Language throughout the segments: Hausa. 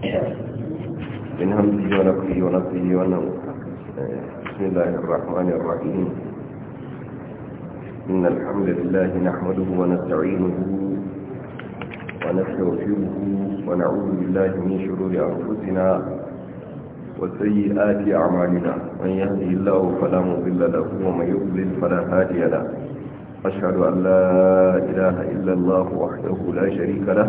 من همزه ونفه ونفه ونفه بسم الله الرحمن الرحيم إن الحمد لله نحمده ونستعينه ونستغفره ونعوذ بالله من شرور أنفسنا وسيئات أعمالنا من يهده الله فلا مضل له ومن يضلل فلا هادي له أشهد أن لا إله إلا الله وحده لا شريك له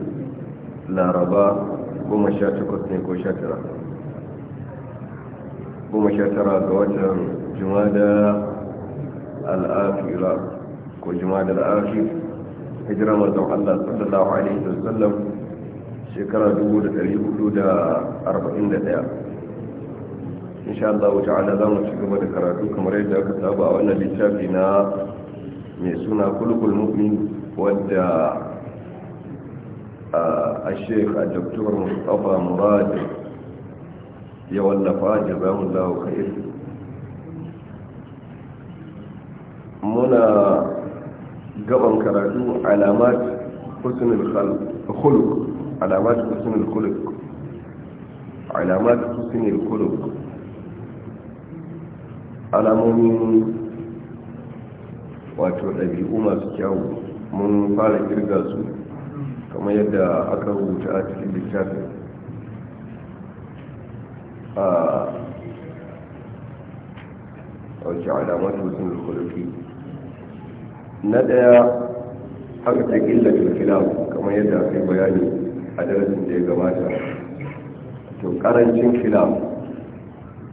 laraba goma sha takwas ne ko sha tara goma sha tara ga watan jumada al'afira ko jumada al'afir hijira mazan allah sallallahu alaihi wasallam shekara 441 insha Allah ta'ala za mu ci gaba da karatu kamar yadda aka saba a wannan littafi na mai suna kulkul mu'min wadda الشيخ الدكتور مصطفى مراد يولف جزاه الله خير منا قبل كراتو علامات حسن الخلق علامات حسن الخلق علامات حسن الخلق alamomin wato ɗabi'u masu kyawu mun fara kirga su kamar yadda aka rubuta a cikin littafin a wace alamar sun rukuluki na daya aka ce illatul kilam kamar yadda aka yi bayani a darasin da ya gabata to karancin kilam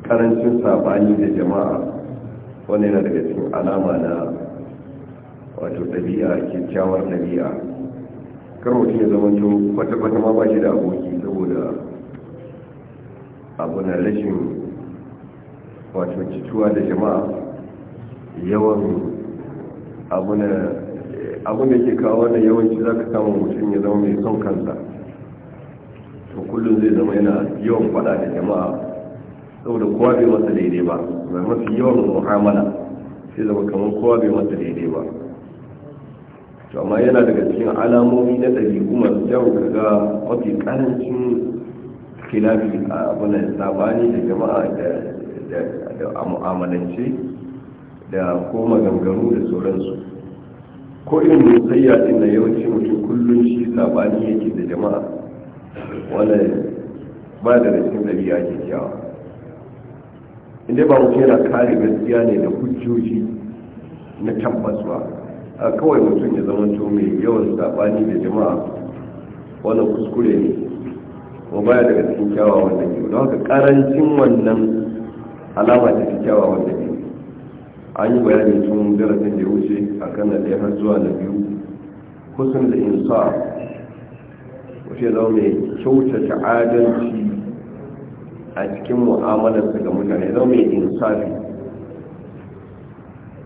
karancin sabani da jama'a wani yana daga cikin alama na wato ɗabi'a kyakkyawar ɗabi'a kar mutum ya zama to kwata-kwata ma ba shi da aboki saboda abu na rashin wato cituwa da jama'a yawan abu da ke kawo wannan yawanci za ka samu mutum ya zama mai son kansa to kullum zai zama yana yawan fada da jama'a saboda kowa bai masa daidai ba mai mafi yawan muhammala sai zama kamar kowa bai masa daidai ba to amma yana daga cikin alamomi na ɗabi'u masu kyau kaga mafi ƙarancin kilafi a wannan sabani da jama'a da mu'amalance da ko maganganu da sauransu ko irin musayya din na yawanci mutum kullum shi sabani yake da jama'a wanda ba da rashin ɗabi'a ke kyawa inda ba mutum yana kare gaskiya ne da hujjoji na tabbas ba a kawai mutum ya zama mai yawan sabani da jama'a wannan kuskure ne ko baya daga cikin kyawawan da ke don haka karancin wannan alama ta kyawawan da ke an yi bayani tun darasin da ya wuce a kan na ɗaya har zuwa na biyu kusan da sa wasu ya zama mai kyautata adalci a cikin mu'amalarsa ga mutane zama mai insafi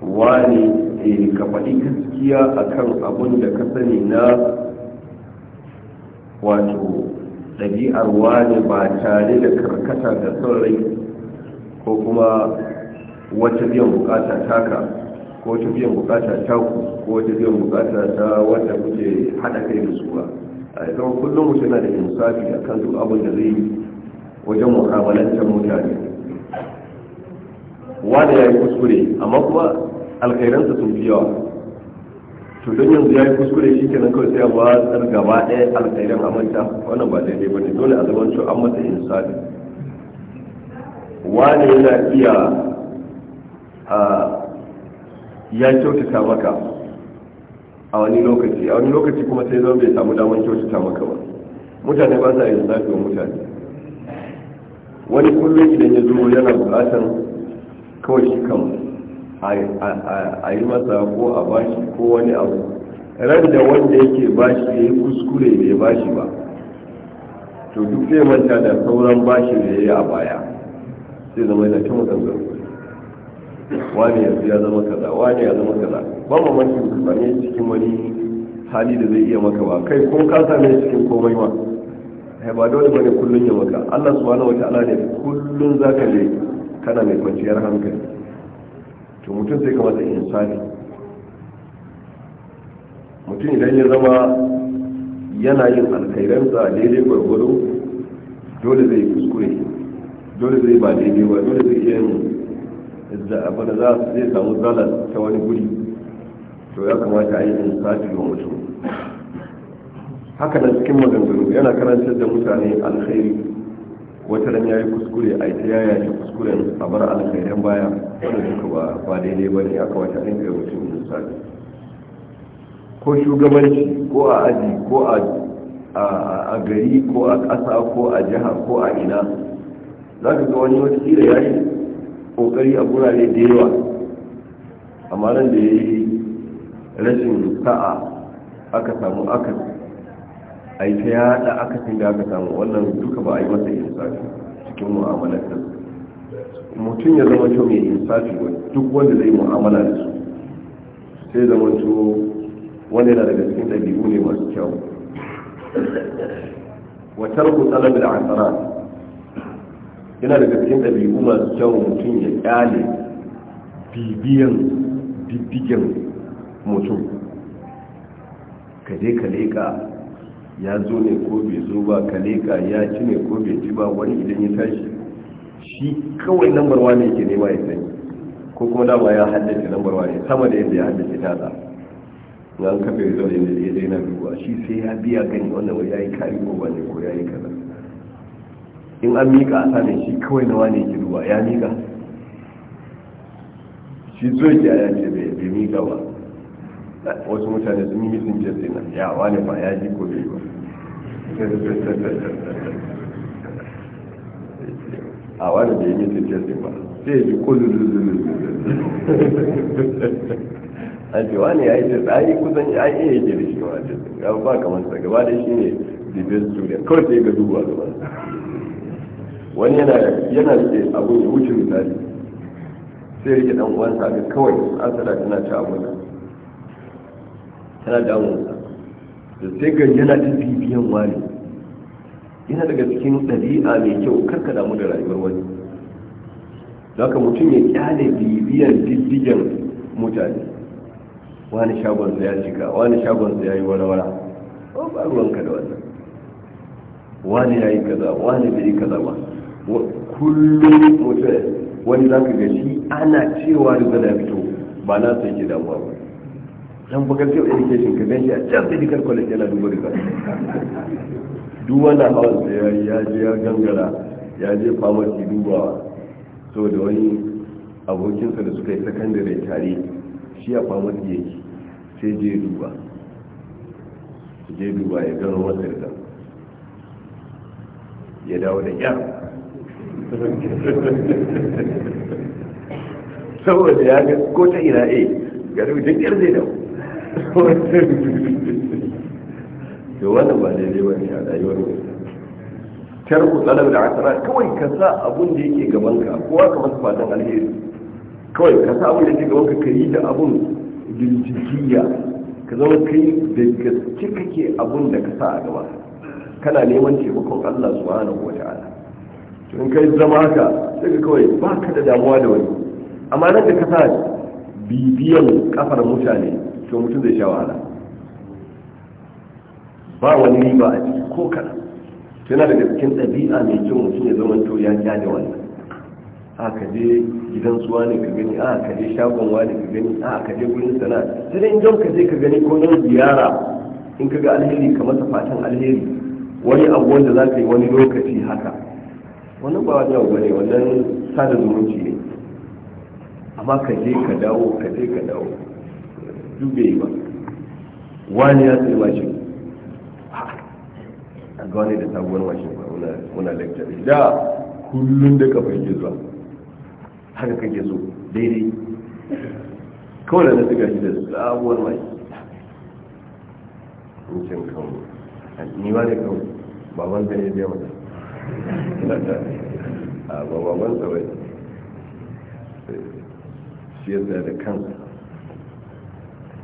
wani ka faɗi gaskiya a kan abun da ka sani na wato ɗabi'ar wani ba tare da karkata da son rai ko kuma wata biyan bukata taka ko wata biyan bukata taku ko wata biyan bukata ta wanda kuke haɗa kai da su ba a yi kullum mutu na da insafi a kan duk abin da zai yi wajen mu'amalantar mutane wani ya yi kuskure amma kuma alkhairansa sun fi yawa to don yanzu ya yi kuskure shi kenan kawai sai a watsar gaba ɗaya alkhairan a manta wannan ba daidai ba ne dole a zaman cewa an masa insani wani yana iya ya kyautata maka a wani lokaci a wani lokaci kuma sai zama bai samu damar kyautata maka ba mutane ba sa yin zafi wa mutane wani kullum idan ya zo yana bukatan kawai shi kan a yi masa ko a bashi ko wani abu ran da wanda yake bashi ya yi kuskure bai bashi ba to duk zai manta da sauran bashi da ya yi a baya sai zama yana cin wata zarko wani yanzu ya zama kaza wani ya zama kaza ba mamaki ba ne cikin wani hali da zai iya maka ba kai ko ka same cikin komai ma eh, ba dole bane kullun ya maka Allah subhanahu wataala ne kullun zaka je kana mai kwanciyar hankali to mutum sai kamata insani mutum idan ya zama yana yin alkairansa daidai gwargwado dole zai kuskure dole zai ba daidai ba dole zai iya yin da abu da zai samu zala ta wani guri to ya kamata a yi insani wa mutum haka na cikin maganganu yana karantar da mutane alkhairi wata nan ya yi kuskure a ita ya yashi kuskuren a bar alkhairan baya wanda duka ba ba daidai ba ne aka wata ɗin kai mutum misali ko shugabanci ko a aji ko a gari ko a ƙasa ko a jiha ko a ina za ka ga wani wata kira ya yi ƙoƙari a gurare da yawa amma nan da ya yi rashin sa'a aka samu aka aita ya haɗa aka da aka samu wannan duka ba a yi masa yin insafi cikin mu'amalar da mutum ya zama kyau mai insafi wani duk wanda zai mu'amala da su sai zama to wanda yana daga cikin ɗabi'u ne masu kyau wa tsalabi da asara yana daga cikin ɗabi'u masu kyau mutum ya ƙyale bibiyan diddigen mutum ka je ka leƙa ya zo ne ko bai zo ba kaleka ya ci ne ko bai ci ba wani idan ya tashi shi kawai lambar wani yake nema ya sani ko kuma dama ya haddace lambar wani sama da yadda ya haddace tasa na an kafa ya zaune da ya daina duba shi sai ya biya gani wannan wai ya yi kari ko ba ne ko ya yi kaza in an miƙa a sanin shi kawai na wani yake duba ya miƙa shi zo ya ce bai miƙa ba wasu mutane sun yi mitin jirgin nan ya wani ba ya ji ko biyu a wani bai yi mitin jirgin ba sai ji ko lulululu a ce wani ya yi jirgin a yi kusan ya yi iya jirgin shi wa jirgin ya ba kamar sa gaba da shi ne "The best student kawai sai ga duba gaba wani yana yana rike abun ya wuce misali sai rike dan uwansa ga kawai an sada tana ci abun tana damunsa da sai ga yana da bibiyan wani yana daga cikin ɗabi'a mai kyau karka damu da rayuwar wani za ka mutum ya kyale bibiyan diddigen mutane wani shagonsa ya jika wani shagonsa ya yi wara-wara ba ba ruwanka da wannan wani ya yi kaza wani bai yi kaza ba kullum mutum wani za ka gashi ana cewa da zana fito ba na sai ke damuwa ba dan faculty of education ka ganshi a can medical college yana duba result duk na hawan da ya je ya gangara ya je pharmacy dubawa so da wani abokinsa da suka yi secondary tare shi a pharmacy yake sai je duba je duba ya gano masa result ya dawo da ya saboda ya ga ko ta ina a eh, ga rubutun yar zai dawo to wannan ba daidai ba ne a rayuwar tarku tsalar da asara kawai ka sa abun da yake gaban ka kowa ka masa fatan alheri kawai ka sa abun da yake gaban ka ka yi da abun bincikiya ka zama kai da gaske kake abun da ka sa a gaba kana neman taimakon Allah subhanahu wata'ala in kai zama haka sai kawai ba ka da damuwa da wani amma nan da ka sa bibiyan kafar mutane to mutum zai sha wahala ba wani riba a ciki ko kaɗan tana daga cikin ɗabi'a mai kyau mutum ya zama to ya da wannan a ka je gidan suwa ne ka gani a ka je shagon wani ka gani a ka je gurin sana'a sai dai don ka je ka gani ko don ziyara in ka ga alheri ka masa fatan alheri wani abu wanda za ka yi wani lokaci haka wannan ba wani abu ne wannan sada zumunci ne amma ka je ka dawo ka je ka dawo duk ba wani ya tsaye mashin a ga wani da sabuwar mashin ba muna lecture da kullum da kafin ke zuwa haka kake so daidai kawai da na shiga shi da sabuwar mashin mutum kawo ni ba da kawai baban zai biya mata a baban tsawai shi yadda da kansa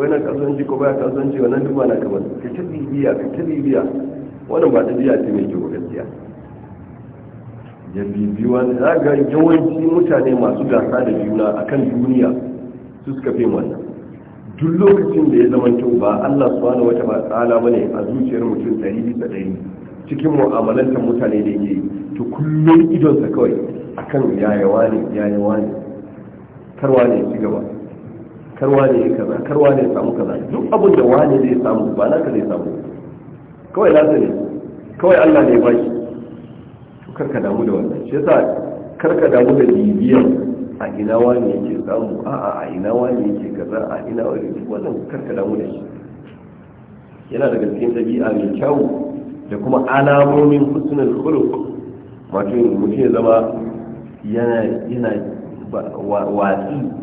ko yana kasuwanci ko baya kasuwanci wannan duk na kamar ka ta bibiya ka ta bibiya wannan ba ta biya ce mai kyau gaskiya ya bibi wani za ga yawanci mutane masu gasa da juna akan duniya su suka fi wannan duk lokacin da ya zama kyau ba Allah subhanahu wata ba tsala bane a zuciyar mutum ɗari bisa ɗari cikin mu'amalantar mutane da yake to kullum idonsa kawai akan yayawa ne yayawa ne karwa ne ci gaba karwa ne ya kaza karwa ne samu kaza duk abin da wani zai samu ba na ka zai samu kawai nasa ne kawai allah ne ba shi to karka damu da wannan shi yasa karka damu da bibiyar a ina wani yake samu a'a a ina wani yake kaza a ina wani wannan karka damu da shi yana daga cikin a mai kyau da kuma alamomin husnul khuluq wato mutum ya zama yana yana watsi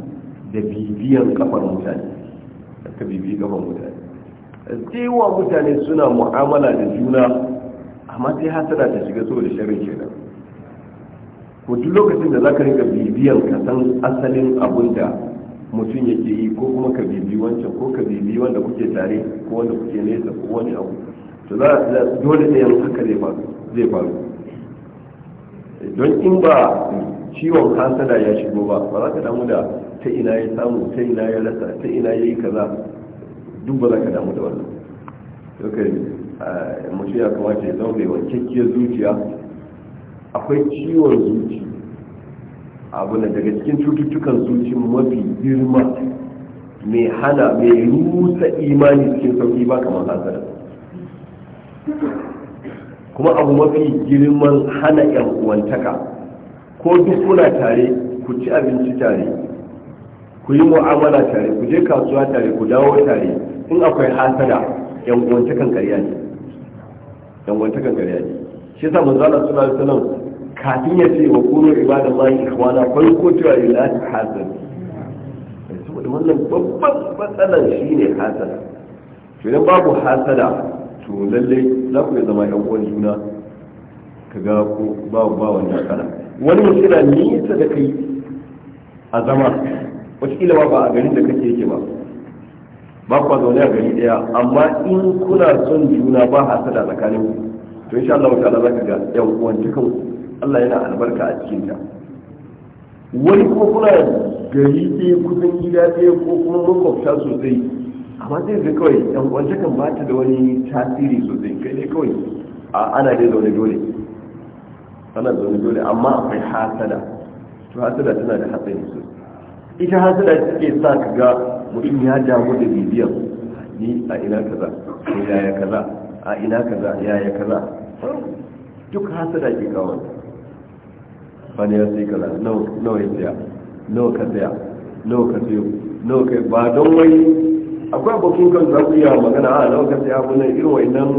da bibiyan kafar mutane ka bibi kafar mutane tsewa mutane suna mu'amala da juna amma sai hasada ta shiga da sharrin kenan ko duk lokacin da za ka rika bibiyan ka san asalin abun da mutum yake yi ko kuma ka bibi wancan ko ka bibi wanda kuke tare ko wanda kuke nesa ko wani abu to za dole ne yan haka zai faru zai faru don in ba ciwon hasada ya shigo ba ba za ka damu da ta ina ya samu ta ina ya rasa ta ina ya yi kaza duk ba za ka damu da wannan dokar mutu ya kamata ya zama wa wancakkiyar zuciya akwai ciwon zuci abu na daga cikin cututtukan zuci mafi girma mai hana mai rusa imani cikin sauki ba kamar hasara kuma abu mafi girman hana yan uwantaka ko duk kuna tare ku ci abinci tare ku yi mu'amala tare ku je kasuwa tare ku dawo tare in akwai hasada yan uwantakan ƙarya ne yan uwantakan ƙarya ne shi sa manzo Allah sallallahu alaihi wasallam kafin ya ce wa kunu ibadallahi ikhwana farko cewa ila hasad saboda wannan babban matsalan shine hasada to idan babu hasada to lalle za ku zama yan uwan juna ka ga ko ba ba wannan kana wani mutum na nisa da kai a zama wataƙila ba ba a garin da kake yake ba ba kwa zaune a gari ɗaya amma in kuna son juna ba hasada tsakanin ku to insha Allah ta'ala zaka ga yan uwan dukan Allah yana albarka a cikin ta wani ko kuna gari ɗaya kusan gida ɗaya ko kuma makwabta sosai amma zai ga kawai yan uwan dukan ba ta da wani tasiri sosai kai ne kawai A ana dai zaune dole ana zaune dole amma akwai hasada to hasada tana da hatsari sosai ita hasada suke sa ka ga mutum ya damu da bibiyar ni a ina kaza ko yaya kaza a ina kaza yaya kaza duk hasada ke kawo wani ya sai kaza nawa ya tsaya nawa ka tsaya nawa ka tsayo nawa kai ba don wai akwai abokin kan za ku iya magana a ah, nawa ka tsaya kuna irin wa'annan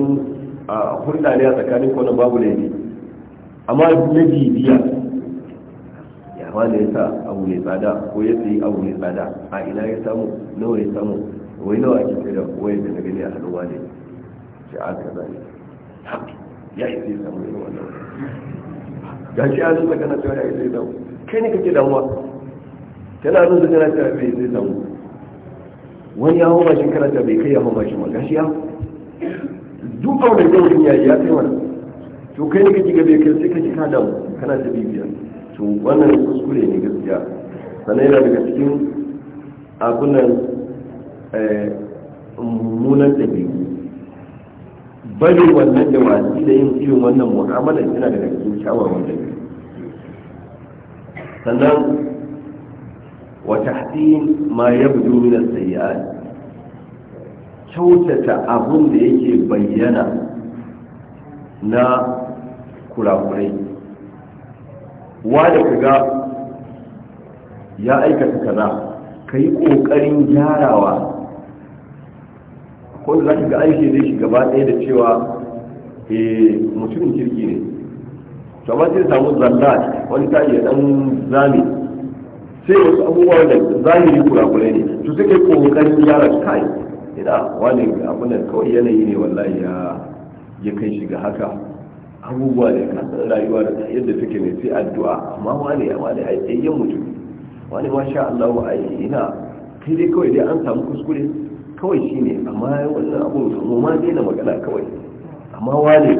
ah, hulɗa ne a tsakanin kwanan babu laifi amma na bibiya wanda ya sa abu mai tsada ko ya sayi abu mai tsada a ina ya samu nawa ya samu wai nawa ake sai da wayar da na gani a hannun ne shi a kaza ne ya yi sai samu yin wannan ga shi a zuba kana cewa ya yi sai samu kai ne kake damuwa kana zuba kana cewa bai sai samu wani ya hau mashin kana cewa bai kai ya hau mashin ma gashi ya duk abu da ya ya kai wani. to kai ne kake gabe kai sai kake ka damu kana ta bibiya to wannan kuskure ne gaskiya sannan yana daga cikin abunan eh, mummunan ɗabi'u bari wannan da wasi da yin irin wannan mu'amalar yana daga cikin wanda ɗabi'u sannan wata tahsin ma ya min minar sayyiat kyautata abun da yake bayyana na kurakurai wanda kaga ya aikata kaza ka yi ƙoƙarin gyarawa ko za ka ga aiki zai shiga ba ɗaya da cewa eh, mutumin kirki ne to amma sai samu zalla wani ta iya ɗan zami sai wasu abubuwa da zahiri kurakurai ne to suke ƙoƙarin gyara su kai ina wani abin kawai yanayi ne wallahi ya kai shi ga haka abubuwa ne san rayuwa da yadda take ne sai addu'a amma wani wani a tsayayyen mutum wani ma sha Allah wa ayi ina kai dai kawai dai an samu kuskure kawai shine amma wannan abu mu ma dai na magana kawai amma wani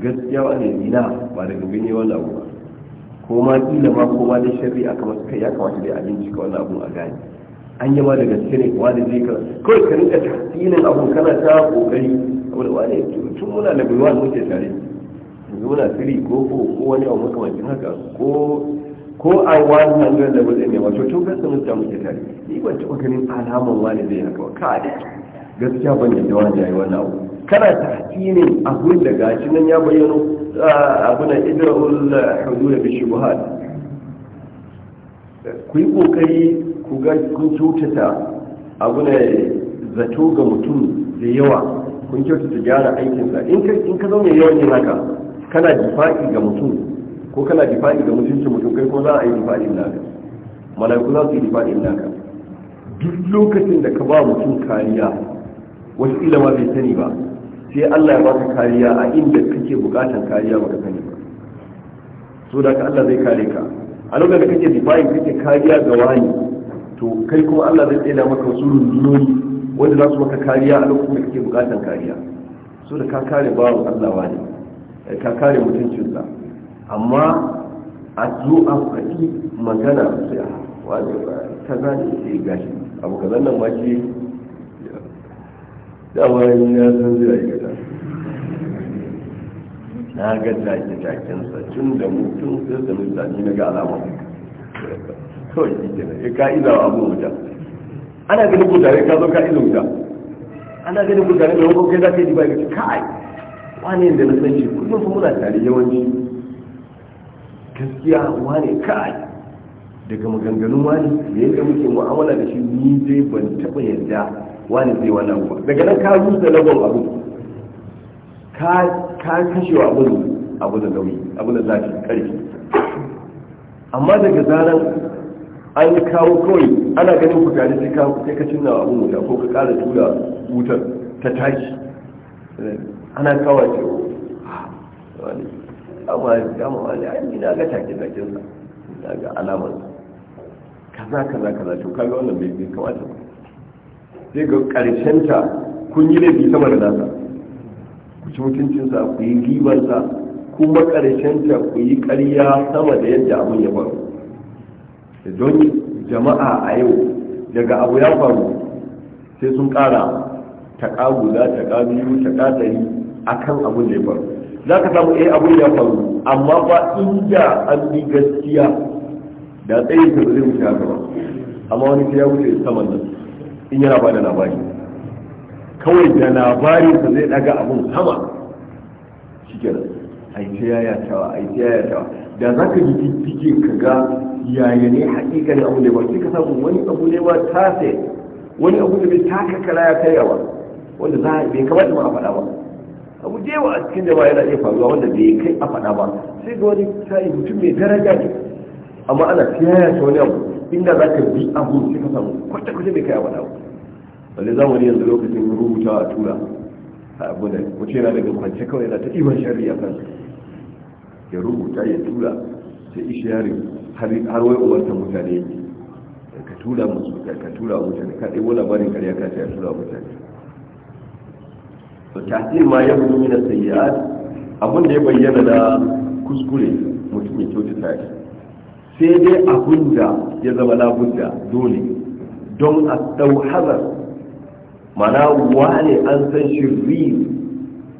gaskiya wani ina ba da gobe ne wannan abu ko ma kila ma ko ma dai shari'a aka masa kai ya kamata dai a bincika wannan abu a gani an yi ma da gaske ne wani zai ka kawai ka rinka tasirin abu kana ta kokari wani tun muna da gwiwa muke tare zona siri ko ko ko wani abu makamancin haka ko ko a 100 da ɗin ne wato to gasa mun samu ke tare ni ban taɓa ganin alaman wani zai haka ba ka da gaskiya ban yi wani yayi wannan abu kana tahkinin abun da gashi nan ya bayyano ah, abuna idra'ul hudur bi shubuhat ku yi kokari ku ga kun kyautata abuna zato ga mutum da yawa kun kyautata gyara aikinsa in ka mai yawan yin haka kana difa'i ga mutum ko kana difa'i ga mutuncin mutum kai ko za a yi difa'in naka mala'iku za su yi difa'in naka duk lokacin da ka ba mutum kariya wasu ilama bai sani ba sai Allah ya baka kariya a inda kake bukatan kariya baka sani ba so da ka Allah zai kare ka a lokacin da kake difa'in kake kariya ga wani to kai kuma Allah zai tsaya maka wasu rundunoni wanda za su maka kariya a lokacin da kake bukatan kariya so da ka kare bawan Allah wani ka kare mutuncinsa amma a zo a faɗi magana sai a wani ta zane ne gashi abu ka zannan ma ce dama ya san zai yi gata na ga take-takensa tun da mutum sai da mutane na ga alama kawai shi ke nan ya iza wa abu wuta ana ganin mutane ka zo ka'ida wuta ana ganin mutane da wakon kai za ka yi ba ya kai wane da na san shi kullum fa muna tare yawanci gaskiya wane kai daga maganganun wani da yadda muke mu'amala da shi ni dai ban taɓa yarda wani zai wani abu daga nan ka da lagon abu ka kashewa abin abu da nauyi abu da zafi ƙarfi amma daga zaran an kawo kawai ana ganin ku tare sai ka sai ka cinna abin wuta ko ka ƙara tura wutar ta tashi eh, ana kawace ah, wani amma gama wani ainihi na ga takin-takinsa na ga alamarsa kaza kaza kaza to kaga wannan bai bai kamata ba sai ga karshen ta kun yi laifi sama da nasa ku ci mutuncinsa ku yi ribarsa kuma karshen ta ku yi karya sama da yadda abun ya faru don jama'a a yau daga abu ya faru sai sun kara ta ƙa guda ta ƙa biyu ta ƙa ɗari akan abin da ya faru za ka samu eh abin ya faru amma ba inda an bi gaskiya da tsayin da zai wuce haka ba amma wani ya wuce saman nan in yana ba da labari kawai da labarin sa zai daga abun sama shikenan ai ta yaya tawa ai ta yaya tawa da za ka ji cikin ka ga yaya ne hakikanin abin da ya faru sai ka samu wani abu ne ba tase wani abu da bai taka kala ya kai yawa wanda za a bai kamata ma a faɗa ba abu da yawa a cikin jama'a yana iya faruwa wanda bai kai a faɗa ba sai ga wani sa'i mutum mai daraja ne amma ana tiyaya ta wani abu inda za ka bi abu sai ka samu kwata kwata bai kai a faɗa ba wani zamani yanzu lokacin rubuta a tura a abu da mutum yana daga kwance kawai yana ta ɗiban shari'a kan ya rubuta ya tura sai yari har wai umarta mutane ka tura musu ka tura mutane ka ɗebo labarin karya ka ce ya tura mutane to tasir ma ya gudu mina sayyi'at abin da ya bayyana da kuskure mutum ya kyautata shi sai dai abin da ya zama labudda dole don a dauhazar mana wane an san shirin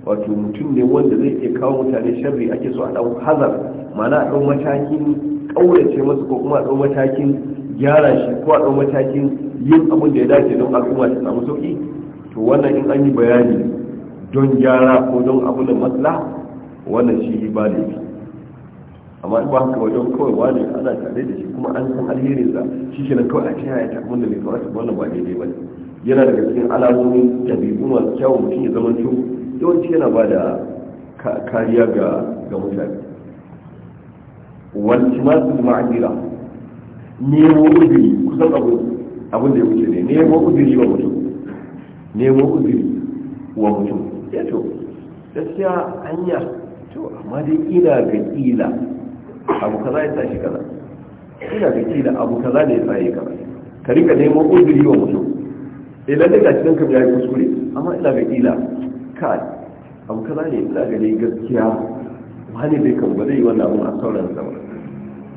wato mutum ne wanda zai iya kawo mutane sharri ake so a dau hazar mana a dau matakin kaurace masa ko kuma a dau matakin gyara shi ko a dau matakin yin abin da ya dace don al'umma ta samu sauki to wannan in an yi bayani don gyara ko don abu da matsala wannan shi ba laifi amma ba haka wajen kawai ne ana tare da shi kuma an san alherinsa shi ke nan kawai a ce ya ta wanda da mai kawai wannan ba daidai ba yana daga cikin alamomin ɗabi'u masu kyawun mutum ya zama to yawanci yana ba da kariya ga mutane wani masu ma'adira nemo uzuri kusan abin da ya wuce ne nemo uzuri wa mutum nemo uzuri wa mutum ya to gaskiya hanya to amma dai ina ga ila abu kaza ya tashi kaza ina ga ila abu kaza ne ya tsaye kaza ka rika neman uzuri wa mutum idan daga cikin kam ya yi kuskure amma ina ga ila ka abu kaza ne ina ga ne gaskiya wani bai kan ba zai yi wannan abun a sauran sama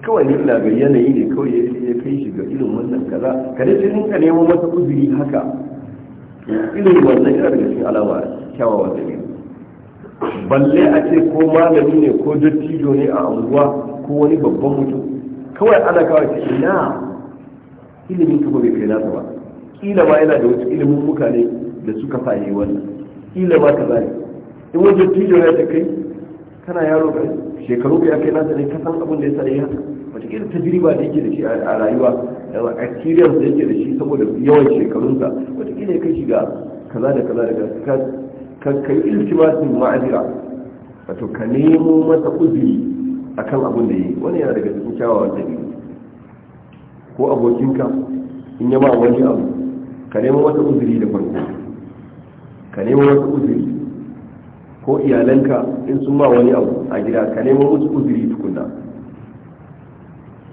kawai ne ina ga yanayi ne kawai ya kai shi ga irin wannan kaza ka dai ka neman masa uzuri haka irin wannan yana daga cikin alama kyawawan dabi'u balle a ce ko malami ne ko dattijo ne a unguwa ko wani babban mutum kawai ana kawo ce ina ilimin kuma bai kai nasa ba kila ma yana da wasu ilimin mutane da suka faye wannan kila ma ka zai in wani dattijo ya ta kai kana yaro ka shekaru ka kai nasa ne kasan abin da ya sa ya haka wataƙila tajriba da yake da shi a rayuwa a kiriyar da yake da shi saboda yawan shekarunsa wataƙila ya kai shiga kaza da kaza da kaza kan kai iltibasin ma'azira wato ka nemo masa uzuri a kan abin da yi wani yana daga cikin kyawawan dalili ko abokinka in yi ma wani abu ka nemo masa uzuri da farko ka nemo masa uzuri ko iyalanka in sun ba wani abu a gida ka nemo musu uzuri tukunna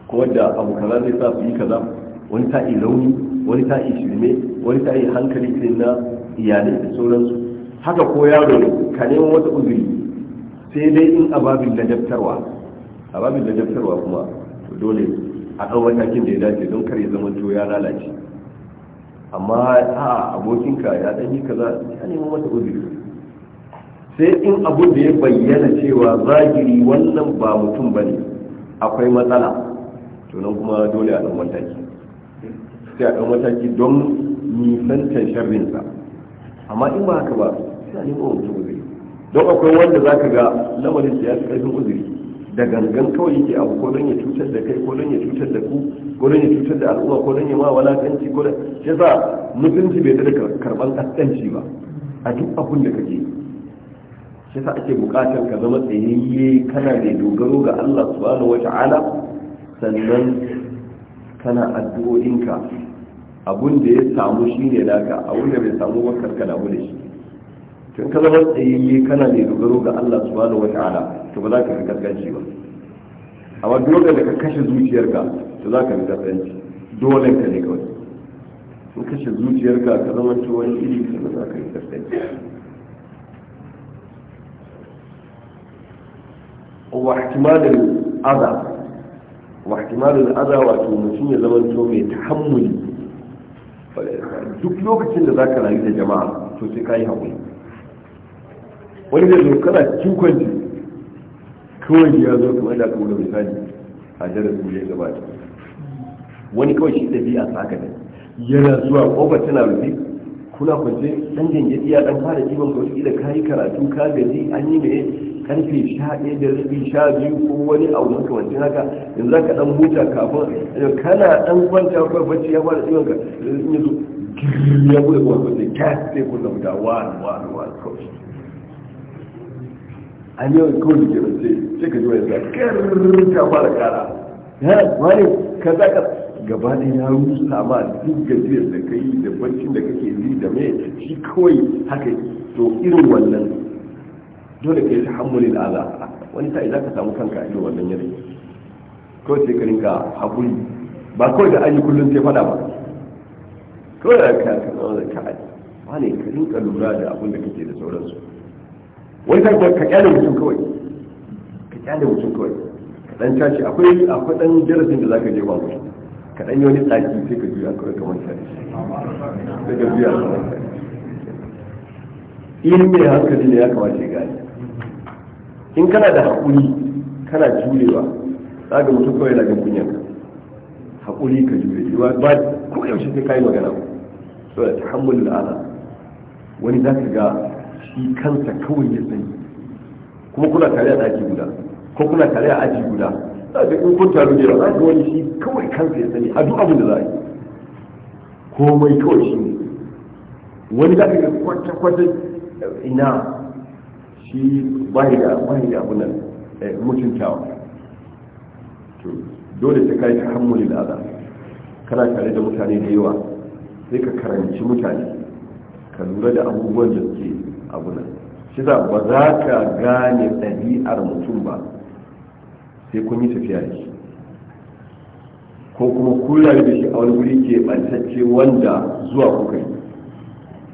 ko wadda abu kaza zai sa su yi kaza wani ta'i launi wani ta'i shirme wani ta'i hankali irin na iyalai da sauransu haka ko yaro ka nemo wata uzuri sai dai in ababin ladabtarwa ababin ladabtarwa kuma dole a ɗan matakin da ya dace don kare zaman to ya lalace amma a abokinka ya ɗan yi kaza ya nemo wata uzuri sai in abun da ya bayyana cewa zagiri wannan ba mutum ba ne akwai matsala to nan kuma dole a ɗan mataki sai a ɗan mataki don nisantar sharrinsa amma in ba haka ba yana neman mutum uzuri don akwai wanda za ka ga lamarin ya fi ƙarfin uzuri da gangan kawai yake abu ko don ya cutar da kai ko don ya cutar da ku ko don ya cutar da al'umma ko don ya ma walakanci ko da shi mutunci bai da karban kaskanci ba a duk abun da kake ya sa ake bukatar ka zama tsayayye kana da dogaro ga Allah subhanahu wata'ala sannan kana addu'o'inka abun da ya samu shine naka abun da bai samu ba karkada mu shi tun ka zama tsayayye kana ne dogaro ga Allah subhanahu wa ta'ala to ba za ka fi kaskanci ba amma dole da ka kashe zuciyarka to za ka fi kaskanci dole ka ne kawai in kashe zuciyarka ka zama wani iri sannan za ka fi kaskanci wa ihtimalul adha wa ihtimalul adha wato mutum ya zama to mai tahammuli duk lokacin da zaka rayu da jama'a to sai kai hakuri wani zai zo kana cikin kwanci kawai ya zo kuma da aka da misali a jarar da ya gabata wani kawai shi ɗabi'a sa haka ne yana zuwa kofar tana rufe kuna kwanci ɗan jangyaɗi iya ɗan fara jiban ka wata ka yi karatu ka gaji an yi mai karfe sha ɗaya da rabi sha biyu ko wani abu wancan haka yanzu za ka ɗan huta kafin kana ɗan kwanta kawai bacci ya fara jiban ka yanzu ya zo ya buɗe kawai sai kunna da wani wani wani kawai an yau kawai da rance sai ka zuwa yanzu kar ta fara kara ya wani ka za ka gaba da ya rusa ma duk gajiyar da ka yi da barcin da kake yi da mai shi kawai haka to irin wannan dole ka yi ta hamulin ala wani sa'i za ka samu kanka irin wannan yanayi kawai sai ka rinka haƙuri ba kawai da an yi kullum sai fada ba kawai da ka ka zama da ka wani ka rinka lura da abin da kake da sauransu wani ta ka kyale mutum kawai ka kyale mutum kawai ka dan tashi akwai akwai dan darasin da zaka je ba mu ka dan yi wani tsaki sai ka juya kawai kamar ta sai ka juya kamar ta in mai hankali ne ya kamata ya gane in kana da haƙuri kana jurewa za ka mutum kawai na jin ka haƙuri ka jure ba ko yaushe sai ka yi magana ba so da tahammul al'ada wani za ka ga shi kansa kawai ya sani kuma kuna tare a daki guda ko kuna tare a aji guda za ka in kun taru jira za ka wani shi kawai kansa ya sani a duk abin da za a yi komai kawai shi ne wani za ka ga kwata-kwata ina shi bai da bai da abin nan eh, mutuntawa to dole sai kai tahammulil adab kana tare da mutane da yawa sai ka karanci mutane ka lura da abubuwan da suke abu nan shi za ba za ka gane ɗabi'ar mutum ba sai kun yi tafiya da shi ko kuma kula da shi a wani wuri ke ɓantacce wanda zuwa kuka yi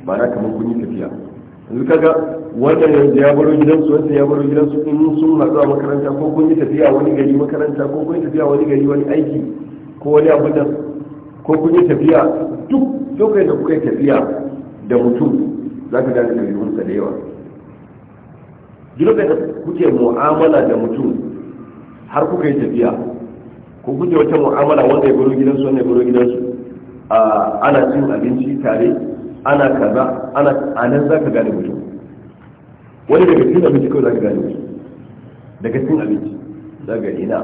ba na kamar kun yi tafiya yanzu kaga wanda yanzu ya baro gidansu wanda ya baro gidansu in sun haɗu a makaranta ko kun yi tafiya wani gari makaranta ko kun yi tafiya wani gari wani aiki ko wani abu da ko kun yi tafiya duk lokacin da kuka yi tafiya da mutum za ka gane ɗabi'unsa da yawa duk lokacin da kuke mu'amala da mutum har kuka yi tafiya ko kuke wata mu'amala wanda ya baro gidansu wanda ya baro gidansu ana cin abinci tare ana kaza ana anan za ka gane mutum wani daga cin abinci kawai za ka gane mutum daga cin abinci za ka ina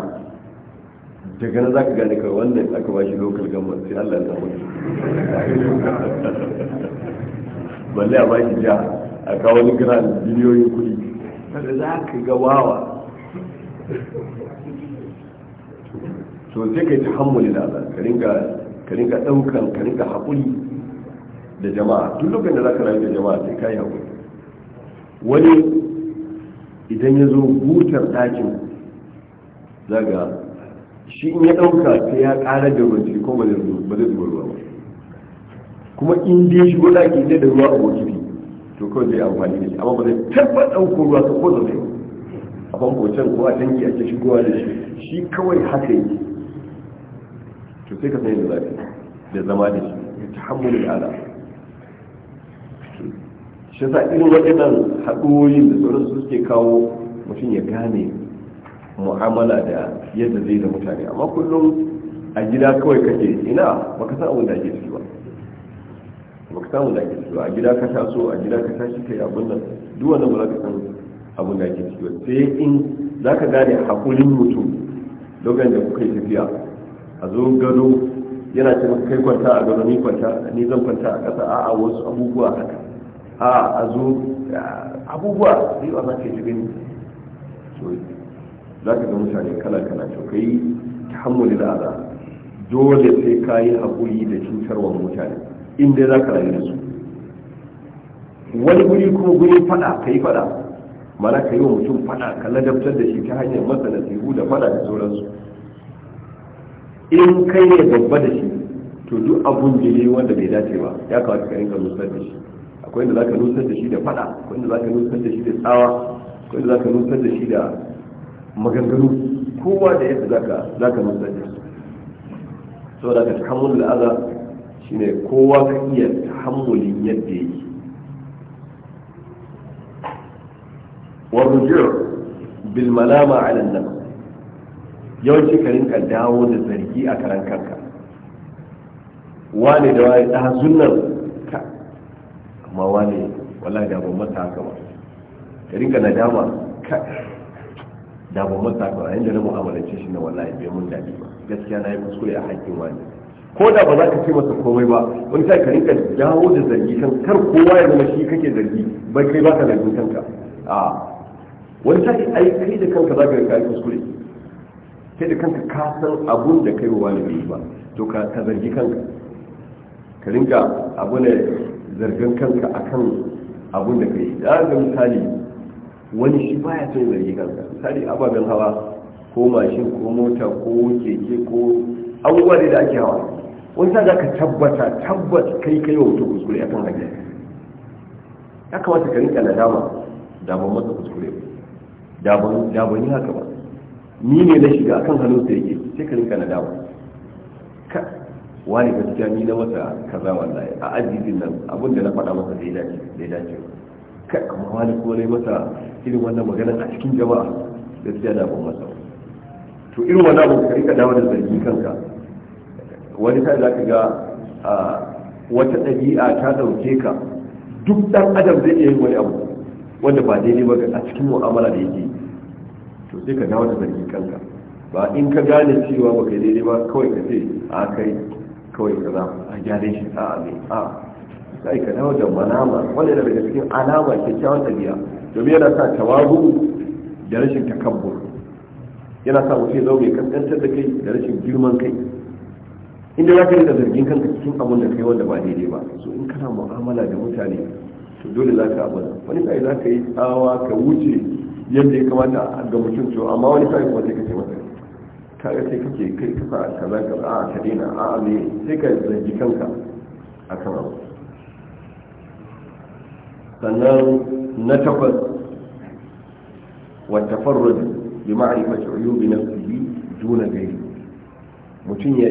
daga nan za ka gane kawai wanda aka ba shi lokal gamar sai allah ya samu balle a baki ja a kawo ni gina da biliyoyin kuɗi kada za ka ga wawa to sai ka yi ta hammuli da Allah ka rinka ka rinka ɗaukan ka rinka haƙuri da jama'a duk lokacin da za ka rayu da jama'a sai ka yi haƙuri wani idan ya zo butar ɗakin zaga shi in ya ɗauka sai ya ƙara da ruwan ko ba zai zuwa ruwa ba kuma in dai shigo ɗaki ne da ruwa a bokiti to kawai zai amfani da shi amma ba zai tabbar ɗauko ruwa ta ko yau. a can ko a tanki ake shigowa da shi shi kawai haka yake to sai ka sani da zafi da zama da shi ya ta da ala shi sa irin waɗannan haɗoyin da sauran su suke kawo mutum ya gane mu'amala da yadda zai da mutane amma kullum a gida kawai kake ina baka san abin da ake ciki ba samu da ake ciki a gida ka taso a gida ka tashi kai abin nan duk wannan ba za ka san abin da ake ciki ba sai in za ka gane hakurin mutum lokacin da kuka yi tafiya a zo gado yana ce maka kai kwanta a gado ni kwanta ni zan kwanta a ƙasa a'a wasu abubuwa haka a a zo abubuwa sai ba za ka yi gani za ka ga mutane kala kala to kai ta hammuli da dole sai ka yi haƙuri da cutarwa mutane inda za ka rayu da su wani guri ko guri fada ka yi fada mana ka yi wa mutum fada ka ladabtar da shi ta hanyar masa nasihu da fada da sauransu in kai ne babba da shi to duk abun da ne wanda bai dace ba ya kamata ka rinka nusar da shi akwai inda za ka nusar da shi da fada akwai inda za ka nusar da shi da tsawa akwai inda za ka nusar da shi da maganganu kowa da yadda za ka nusar da shi saboda ka kamun la'aza shine kowa ka iya tahammulin yadda yake warujir jiyar malama a nan yawanci ka rinka dawo da zargi a karan kanka wane da wani ɗazun nan ka amma wane wala da abin mata haka ba ka rinka nadama ka da abin mata haka ba yadda na mu'amalance shi na wallahi bai mun daɗi ba gaskiya na yi kuskure a haƙƙin wani ko da ba za ka ce masa komai ba wani sai ka rinka jawo da zargi kan kar kowa ya zama shi kake zargi bai kai ba ka gudun kanka a wani sai ai kai da kanka za ka rinka yi kuskure kai da kanka ka san abun da kai ba wani bai ba to ka ka zargi kanka ka rinka abu ne zargin kanka akan abun da kai da ga misali wani shi baya son zargi kanka misali ababen hawa ko mashin ko mota ko keke ko abubuwa da ake hawa wani sa za ka tabbata tabbata kai kai wa mutum kuskure akan hanya ya kamata ka rinka nadama daban masa kuskure da ban yi haka ba ni ne na shiga akan hannunsa yake sai ka rinka nadama ka wani gaskiya ni na masa kaza wallahi a ajibin nan abin da na faɗa masa da ya dace ka kuma wani kuma na yi masa irin wannan maganar a cikin jama'a gaskiya da ban masa to irin wani abu ka rika dawo da zargi kanka wani sai za ka ga wata ɗabi'a ta ɗauke ka duk ɗan adam zai iya yin wani abu wanda ba daidai ba a cikin mu'amala da yake to sai ka dawo da zargin kanka ba in ka gane cewa ba kai daidai ba kawai ka ce a kai kawai ka za a gyare shi a abin a sai ka dawo da manama wanda yana daga cikin alama kyakkyawan ɗabi'a domin yana sa tawagu da rashin takabbur yana sa mutum ya zo mai kaskantar da kai da rashin girman kai inda za ka rika zargin kanka cikin abin da kai wanda ba daidai ba so in kana mu'amala da mutane to dole za ka abin wani sai za ka yi tsawa ka wuce yadda ya kamata ga mutum to amma wani sai kuma sai ka ce masa ga sai kake kai kafa kaza kaza a ka daina a ne sai ka zargi kanka kan abu sannan na takwas wata farrar bi ma'rifati na nafsihi juna gari mutum ya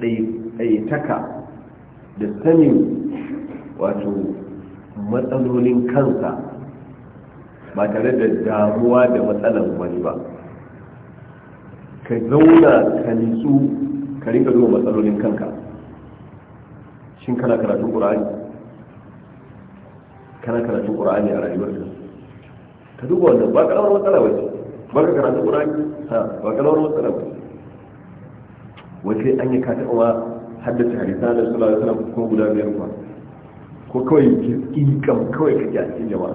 ɗaitaka da sanin wato matsalolin kansa ba tare da damuwa da matsalan wani ba ka zauna ka nitsu ka rika zuwa matsalolin kanka shin kana karatun ƙura'ani kana karatun ƙura'ani a rayuwarka ka duba wannan ba kalamar matsala wace ba ka karatun ƙura'ani ba kalamar matsala wace wace an yi ka taɓa haddace hadisa da sallallahu alaihi wasallam kuma guda biyar kuwa ko kawai kinkan kawai kake a cikin jama'a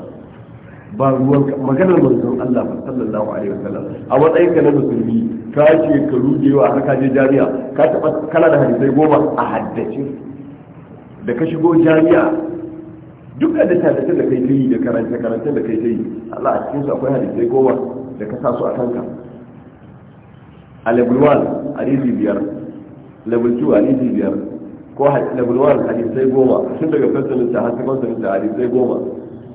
ba ruwan maganar manzon Allah sallallahu alaihi wasallam a matsayin ka na musulmi ka ce ka rujewa har haka je jami'a ka taɓa kana da hadisai goma a haddace da ka shigo jami'a duk da tattalin da kai tayi da karanta karanta da kai tayi Allah a cikin su akwai hadisai goma da ka sa su a kanka al-Ibn hadisi biyar level 2 hadisi biyar ko level 1 hadisai goma tun daga first semester har second ta hadisai goma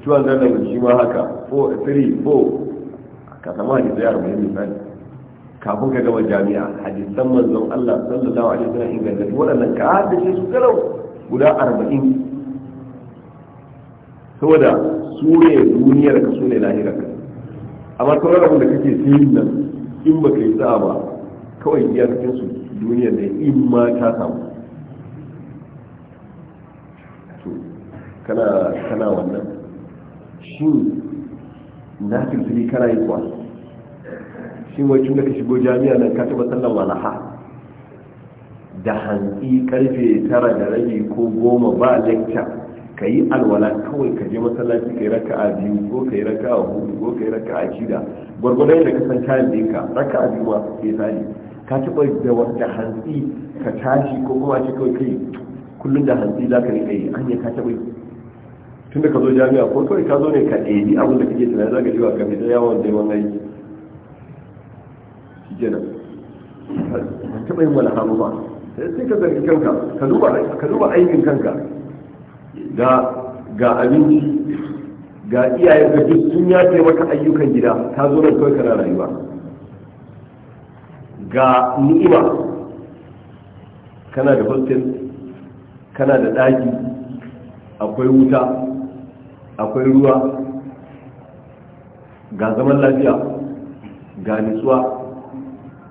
shi wannan level shi ma haka 4 3 4 ka sama hadisai arba'in misali kafin ka gama jami'a hadisan manzon Allah sallallahu alaihi wasallam inganta waɗannan ka shi su kalau guda arba'in saboda su ne duniyar ka su ne lahirar ka amma kuma da kake sayin nan in baka yi sa'a ba kawai su duniya ne in ma ta samu kana kana wannan shin na filfili kana yi kwa shin wai tun da ka shigo jami'a nan ka taba sallan walaha da hanki, karfe tara da rabi ko goma ba lecture ka yi alwala kawai ka je masallaci ka yi raka a biyu ko ka yi raka a hudu ko ka yi raka a shida gwargwadon da ka san kayan ɗinka raka a biyu ma sai ka taɓa da hantsi ka tashi ko kuma ce kawai kai kullum da hantsi za ka an yi ka taɓa tun da ka zo jami'a ko kawai ka zo ne ka ɗebi abin da kake tunanin za ka jiwa ka fita yawon da yawon aiki shi kenan ka taɓa yin wani hannu ba sai ka zargi kanka ka duba aikin kanka ga abinci ga iyayen ka duk sun ya maka ayyukan gida ta zo nan kawai kana rayuwa ga ni'ima kana da hostel kana da ɗaki akwai wuta akwai ruwa ga zaman lafiya ga nutsuwa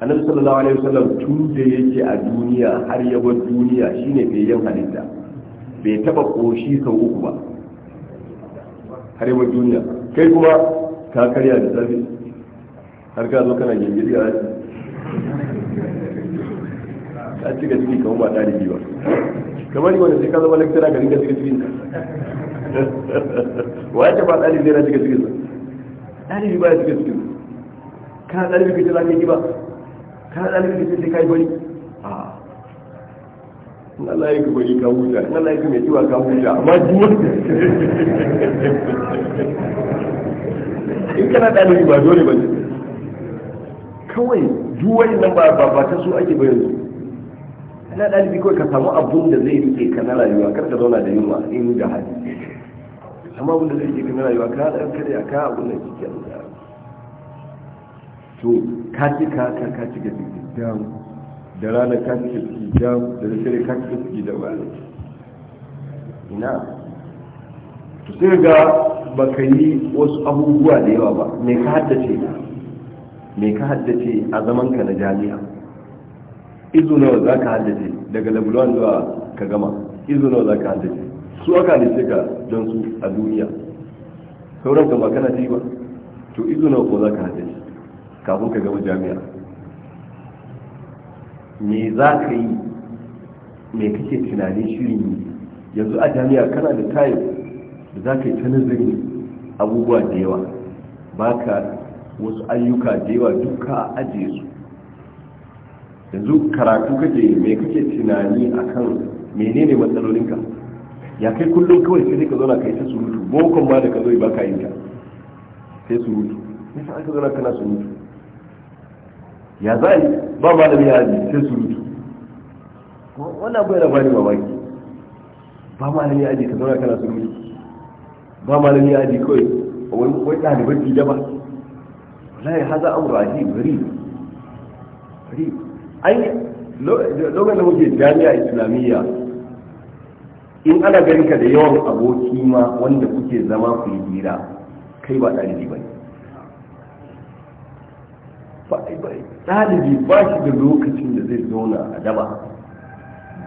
annabi sallallahu alaihi wasallam tun da yake a duniya har ya bar duniya shine bai yin halitta bai taba koshi sau uku ba har ya bar duniya kai kuma ka karya da safe har ka zo kana gingiri a a cika ciki kamar ba ɗalibi ba kamar wanda sai ka zama lecturer ka rinka cika cikin wa ya ba ɗalibi yana cika cikin ɗalibi ba ya cika cikin kana ɗalibi ka ce za ka yi ba kana ɗalibi ka ce sai ka yi bari a in Allah ya bari ka huta in Allah ya mai kiwa ka huta amma duwa in kana ɗalibi ba dole ba ne kawai duwai nan ba ba ta su ake bayan su ana ɗalibi kawai ka samu abun da zai rike ka na rayuwa kar ka zauna da yunwa in da hali amma abun da zai rike ka na rayuwa ka haɗa ka da ka abun da cikin da to ka ci ka ka ka ci ga jam da rana ka ci ga jam da dare ka ci ga ba ina to sai ga baka yi wasu abubuwa da yawa ba me ka haddace me ka haddace a zaman ka na jami'a izu nawa za ka haddace daga labulon zuwa ka gama izu nawa za ka haddace su aka halice ka don su a duniya sauran ka ba kana ji ba to izu nawa ko za ka haddace kafin ka gama jami'a me za ka yi me kake tunanin shirin yi yanzu a jami'a kana da tayin da za ka yi ta nazarin abubuwa da yawa ba ka wasu ayyuka da yawa duka ajiye su yanzu karatu kake me kake tunani akan menene matsalolinka ya kai kullum kawai sai ka zauna kai ta surutu bokon ma da ka zo ba ka yin ta sai surutu nisa aka zauna kana surutu ya zai ba ma da ya sai surutu wannan abu yana bani mamaki ba ma da ya ka zauna kana surutu ba ma da ya kawai wani ɗaliban fija ba wallahi haza amru ajib rib rib ai lokacin da muke jami'a islamiyya in ana ganin ka da yawan aboki ma wanda kuke zama ku yi hira kai ba ɗalibi ba ɗalibi ba shi da lokacin da zai zauna a daba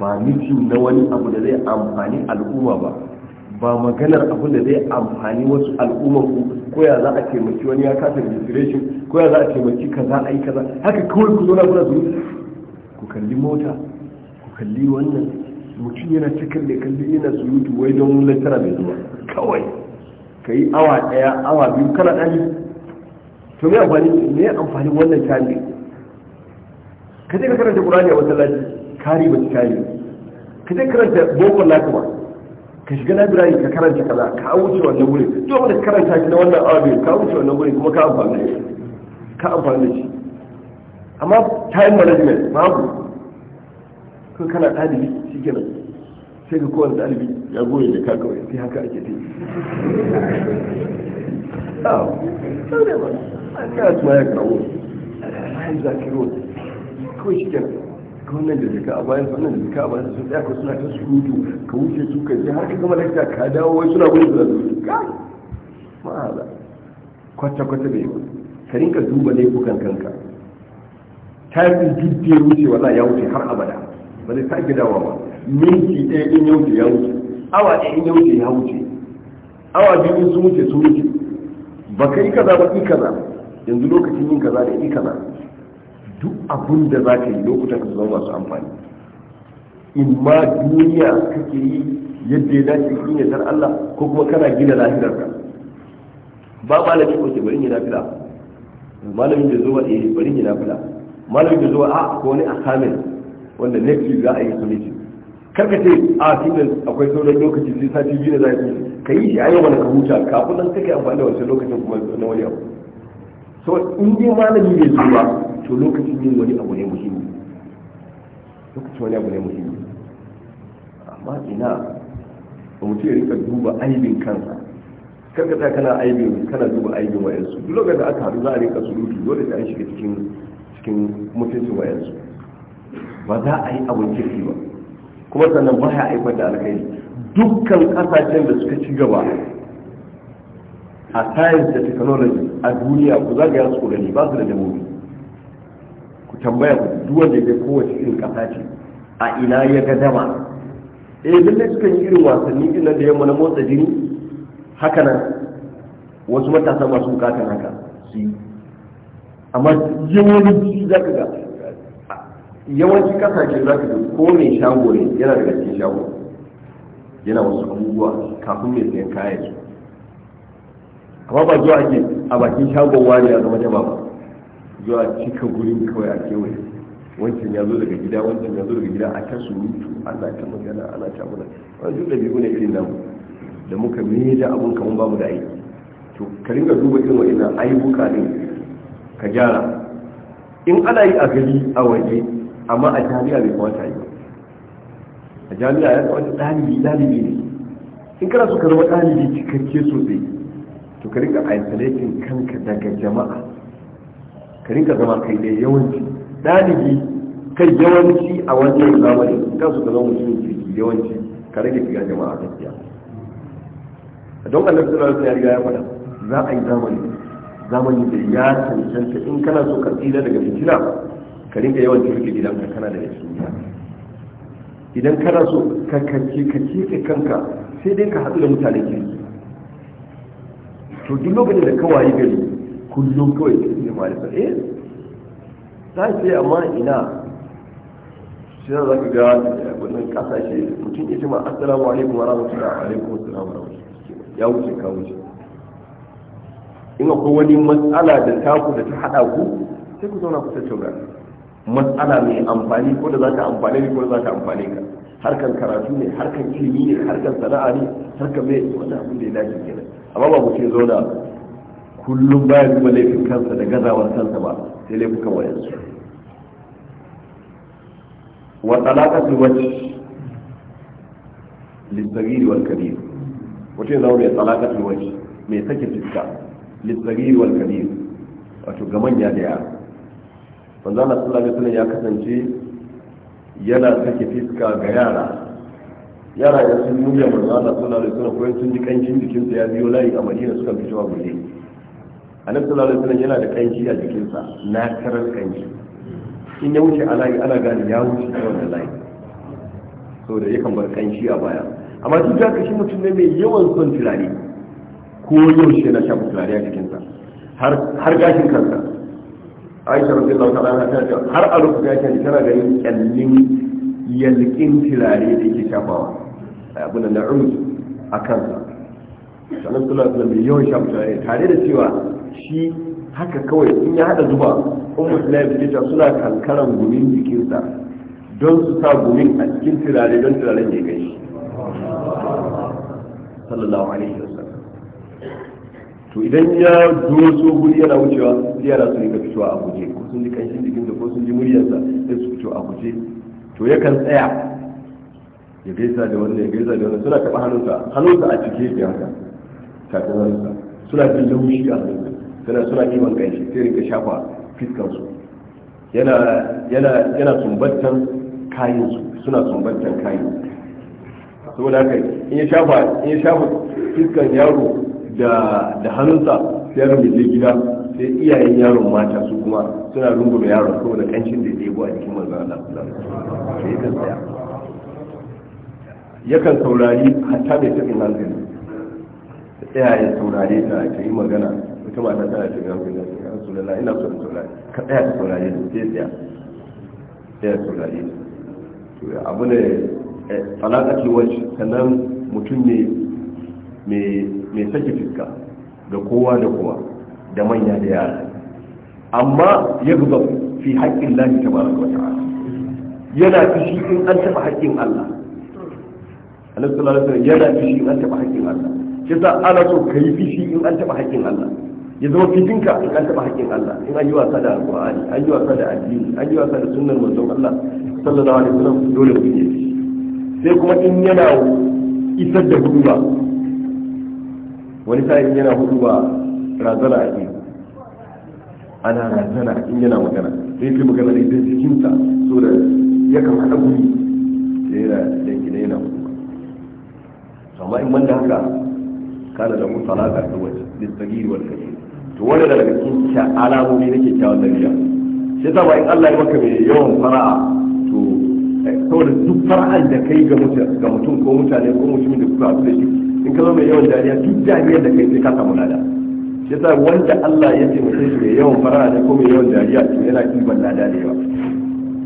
ba mitin na wani abu da zai amfani al'umma ba ba maganar abin da zai amfani wasu al'ummar ku ko ya za a taimaki wani ya kasa registration ko ya za a taimaki kaza a yi kaza haka kawai ku zauna kuna zuwa ku kalli mota ku kalli wannan mutum yana cikin da kalli yana surutu wai don lantara mai zuwa kawai ka yi awa ɗaya awa biyu kana dani to me amfani me amfani wannan tani ka je ka karanta qur'ani a masallaci kari ba kari ka je karanta boko lafiya ka shiga library ka karanta kaza ka wuce wannan wurin duk wanda karanta shi na wannan abu ka wuce wannan wurin kuma ka amfani shi ka amfani da shi amma time management babu ko kana ɗalibi shi kenan sai ka kowane ɗalibi ya goye da ka kawai sai haka ake yi sau da ma ya kawo a yi zakirun kawai shi kenan ka wannan da zika a bayan wannan da zika a bayan sun tsaya suna ta surutu ka wuce su ka je har ka gama lafiya ka dawo wai suna gudu da zuwa kai ma'aza kwata-kwata bai ba ka rinka duba laifukan kanka tafi duk da wuce wala ya wuce har abada ba zai sake dawa ba minti ɗaya in ya wuce ya wuce awa ɗaya in ya wuce ya wuce awa biyu sun wuce sun wuce ba ka yi kaza ba ka yi kaza yanzu lokacin yin kaza da i kaza duk abin da za ka yi lokutan ka zama masu amfani in ma duniya kake yi yadda ya dace kin yadda Allah ko kuma kana gina lahirar ka ba malami ko ke bari yi nafila malamin da zuwa eh bari yi nafila malamin da zuwa a ko wani assignment wanda next week za a yi committee karka ce a ah, filin akwai sauran lokaci sai sati biyu da za a yi ka yi shi a yau wani ka huta kafin nan kake amfani da wancan lokacin kuma na wani abu to in dai malami bai zo ba to lokacin yin wani abu ne muhimmi lokacin wani abu ne muhimmi amma ina ba mutum ya rika duba aibin kansa karka ta kana aibin kana duba aibin wayansu duk lokacin da aka haɗu za a rika surutu dole da an shiga cikin cikin mutuncin wayansu ba za a yi abin kirki ba kuma sannan ba ya haifar da alkhairi dukkan kasashen da suka ci gaba a science da technology a duniya ku ya su gani ba su da jamobi ku tambaya ku duwan da ya kowace irin kasa ce a ina ya ga dama eh lallai sukan yi irin wasanni ina da yamma na motsa jini haka nan wasu matasa masu bukatan haka su yi amma yawanci za ka ga yawanci kasashe za ka ga ko mai shago ne yana daga cikin shago yana wasu abubuwa kafin mai sayan kayan su kuma ba zuwa ake a bakin shagon wani a zama jama'a ba zuwa cika gurin kawai a kewaye wancan ya zo daga gida wancan ya zo daga gida a ta surutu ana ta magana ana ta magana wani duk da biyu ne irin namu da muka da abun kamun ba mu da aiki to ka ringa duba irin na ayyuka ne ka gyara in ana yi a gari a waje amma a jami'a bai kamata yi a jami'a ya kamata ɗalibi ɗalibi ne in kana so ka zama ɗalibi cikakke sosai to ka rika isolating kanka daga jama'a ka rika zama kai dai yawanci dalibi kai yawanci a wannan zamani kan su zama mutum ke yawanci ka rage shiga jama'a gaskiya don Allah sallallahu alaihi ya faɗa za a yi zamani zamani da ya cancanta in kana so ka tsira daga fitina ka rika yawanci rike ka kana da yasunta idan kana so ka kace ka kanka sai dai ka haɗu da mutane kirki to duk lokacin da ka wayi gari kullum kawai ka ne da eh ta ce amma ina shi za ka ga wannan kasashe mutum ya ma assalamu alaikum wa rahmatullahi wa alaikum assalamu wa rahmatullahi ya wuce ka wuce in akwai wani matsala da taku da ta hada ku sai ku zauna ku tattauna matsala mai amfani ko da za ka amfani ko da za ka amfani ka harkan karatu ne harkan ilimi ne harkan sana'a ne sarka mai wani abin da ya dace kenan amma ba mutum ya zauna kullum baya kuma laifin kansa da gazawar kansa ba sai laifin wayan su wa talaqatul wajh lissagiri wal kabir wace ya zama mai su wace mai sake fiska lissagiri wal kabir wato ga manya da yara manzo Allah sallallahu ya kasance yana sake fiska ga yara yara ya sun yi wuyan manzo Allah sallallahu alaihi wasallam sun ji kancin jikin sa ya biyo layi a Madina suka bi zuwa gure Annabi sallallahu alaihi wasallam yana da kanci a jikin sa na karar kanci in ya wuce a layi ana gane ya wuce ta wannan layi saboda yakan bar kanci a baya amma duk da kashi mutum ne mai yawan son turare ko yaushe na shafa turare a jikin sa har gashin kansa Aisha radiyallahu ta'ala ta ce har a rubuta yake tana ganin kyallin yalkin tirare da yake shafawa abin da na'ud a kansa sannan suna suna mai yawan shafi tare da cewa shi haka kawai in ya hada zuba in musulai suke cewa suna kankaran gumin jikinsa don su sa gumin a cikin turare don ne gai gaishe sallallahu alaihi wasallam to idan ya zo so guri yana wucewa sai yara su rika fitowa a guje ko sun ji kanshin jikin da ko sun ji muryarsa sai su fito a guje to yakan tsaya ya gaisa da wannan ya gaisa da wannan suna taɓa hannunsa hannunsa a cike yake haka tafin hannunsa suna jin laushi a hannunsa suna suna kiman ƙanshi sai rinka shafa fiskansu yana yana yana sumbantan kayansu suna sumbantan kayan saboda haka in ya shafa in ya shafa fiskan yaro da da hannunsa sai yaron bai je gida sai iyayen yaron mata su kuma suna rungume yaron saboda ƙanshin da ya ɗebo a jikin manzon Allah sallallahu alaihi wasallam sai ya yakan saurari hatta mai tafi hankali ta tsaya ya saurare ta ta yi magana wata mata tana tafi hankali ta yi sulala ina so da saurari ka tsaya ta saurare ta sai tsaya tsaya saurare ta abu ne eh, alaƙaƙi wacce sannan mutum ne mai sake fiska ga kowa da kowa da manya da yara amma ya gaba fi haƙƙin lafi ta baraka wata yana fi shi in an taɓa haƙƙin allah annabi sallallahu alaihi wasallam yana fishi in an taɓa haƙƙin Allah shi sa ana so ka yi fishi in an taɓa haƙƙin Allah ya zama fitinka in an taɓa haƙƙin Allah in an yi wasa da al alƙur'ani an yi wasa da addini an yi wasa da sunnar manzon Allah sallallahu alaihi wasallam dole mutum ya fishi sai kuma in yana isar da huduba wani sa'in yana huduba razana a jini ana razana in yana magana sai fi magana da ita jikinsa so da yakan haɗa guri da yana da yana amma in wanda haka kana da mutala ga da waje da tsagiri wal kashi to wanda daga cikin alamomi nake kyawun dariya sai ta in Allah ya maka mai yawan fara'a to eh, saboda duk fara'an da kai ga mutum ko mutane ko mutumin da kuka da shi in ka zama yawan dariya duk dariyar da kai sai ka samu lada shi ta wanda Allah ya ce mutum shi mai yawan fara'a ne ko mai yawan dariya to yana kiban lada ne ba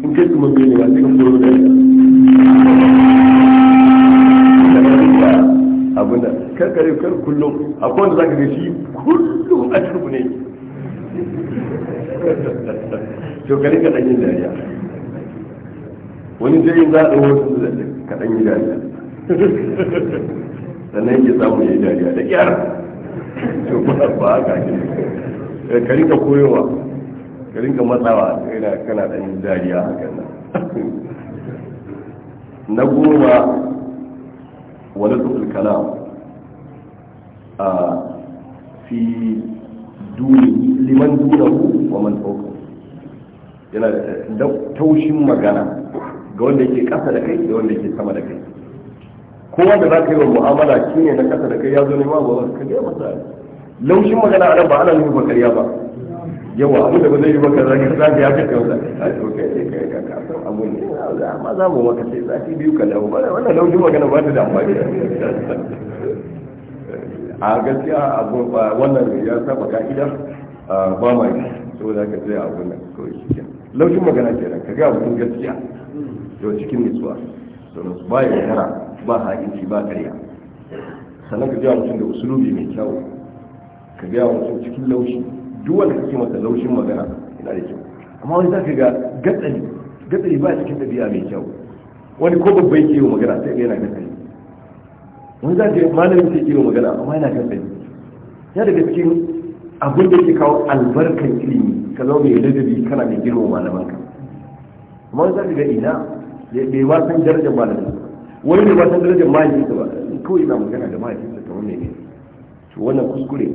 in kai kuma mai ne ba sai ka da dariya abin karkare kar kullum akwai wanda zaka ga shi kullum a turbu ne to ka rika dan dariya wani jirgin za a wasu da ka yi dariya sannan yake samun yi dariya da ƙyar to ba ba haka ne eh, ka rinka koyowa ka rinka matsawa kana ɗanyin dariya hakan nan na goma ولطف الكلام في دون لمن دونه ومن فوقه yana da taushin magana ga wanda yake kasa da kai da wanda yake sama da kai ko wanda za ka yi wa mu'amala shi ne na kasa da kai ya zo nema ba ka ga masa laushin magana a nan ba ana nufin bakariya ba yawa abu da ba zai yi maka zaki zaki ya fi kauta a tsokai ne kai ka kasan abu ne amma za mu maka sai sati biyu ka dawo wannan lauji magana ba ta da amfani a gaskiya abu wannan ya saba ka'ida ba ma yi za ka sai abu nan kawai cikin laushin magana ke nan ka ga abu gaskiya to cikin nutsuwa domin ba ya yara ba haƙinci ba karya sannan ka ga mutum da usulubi mai kyau ka ga mutum cikin laushi duk wanda kake masa laushin magana ina da kyau amma wani zaka ga gatsali gatsali ba cikin dabi'a mai kyau wani ko babban ke magana sai ga yana gatsali wani za ga malamin sai ke magana amma yana gatsali ya daga cikin abin da ke kawo albarkan ilimi ka zama mai ladabi kana mai girma malamanka amma wani za ga ina bai wasan darajar malamin wani bai wasan darajar mahaifinsa ba kawai yana magana da mahaifinsa ta wani ne to wannan kuskure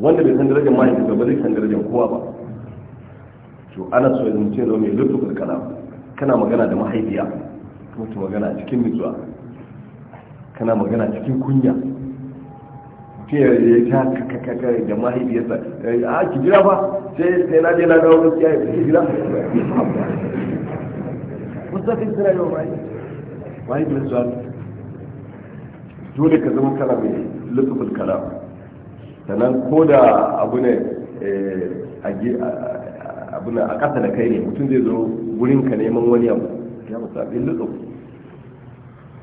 wanda bai san darajar mahaifinsa ba zai san darajar kowa ba to ana so yanzu mutum zama mai lutu karkara kana magana da mahaifiya kuma ta magana cikin mitsuwa, kana magana cikin kunya mutum ya yi ta kakakaka da mahaifiyarsa eh, a ki jira ba sai sai na je na dawo gaskiya ya ki jira wasu fi suna yau mahaifiyarsa dole ka zama kana mai lutu karkara sannan ko da abu ne eh, a kasa da kai ne mutum zai zo wurin ka neman wani abu ya musu abin lutsu